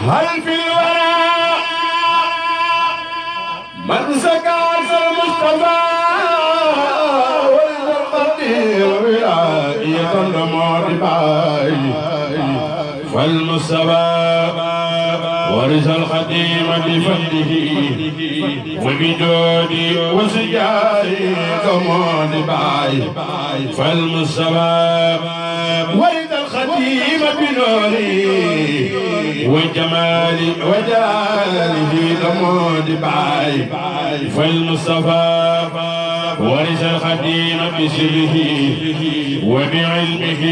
هل في الورى من زكى المصطفى والقدير ولاية المعرفة فالمصطفى ورث القديم بفضله وبجوده وسجاره كمان باي فالمستوى ورث القديم بنوري وجمالي وجلاله ثمود بعاي فالمصطفى ورث القديم بسره وبعلمه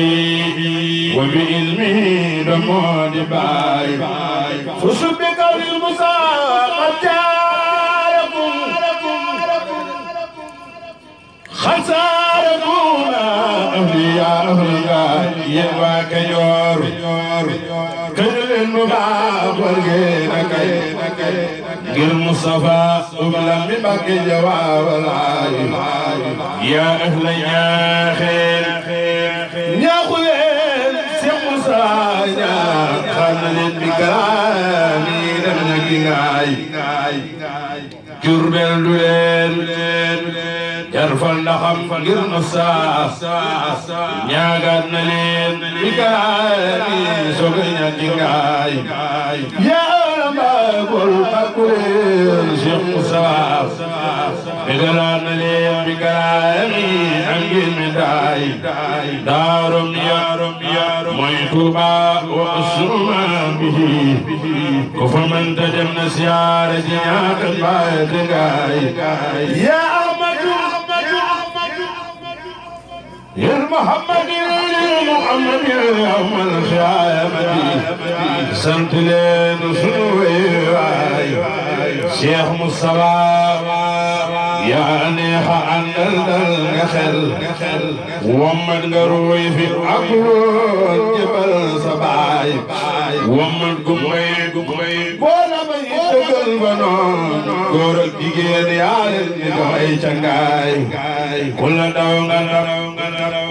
وبإلمه ثمود بعاي فسبق للمصطفى قد جاركم خساركم أهلي يا أهلي يبا كجور كجل المباب والغير كي غير مصطفى وبلا مبك جواب العالم يا أهل يا خير يا خير سيم مصايا خالد بكرامي لم نجي jurbel du leen jarfal ndaxam ngir na saas ñaagaat na leen i gaari soga ñaati ngaay yaa mbaagol bakkuleen Cheikh Moussa begalaat na leen bi gaari angin mi daay daarom yaarom yaa mooy Tuuba wa asuma bihi ko fa man da dem na siyaare ji ñaata baay te gaay ya Ahmadu يا محمد يا محمد يا يوم الخيامة سنت لين سنو شيخ مصطفى يا نيخ عن النخل وام القروي في أقوال الجبل سباي وام القمي قمي ولا بيت قلبنا قور الجيل يا نيخ شنغاي كل دوغا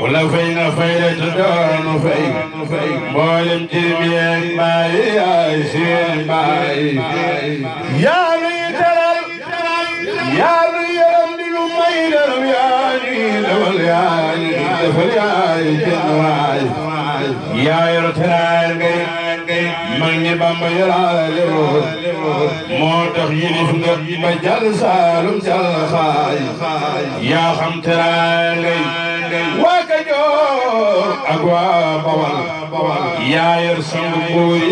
ولا فينا فينا تدان فيك مولم جيبي باي يا سين باي يا yaa yor tëraal ngay mag ñi Bamba yoraale woon moo tax yilif nga ba jàll saalum jàll xaay yaa xam tëraal ngay waa Kajoor ak waa Bawal yaa yor sangu buur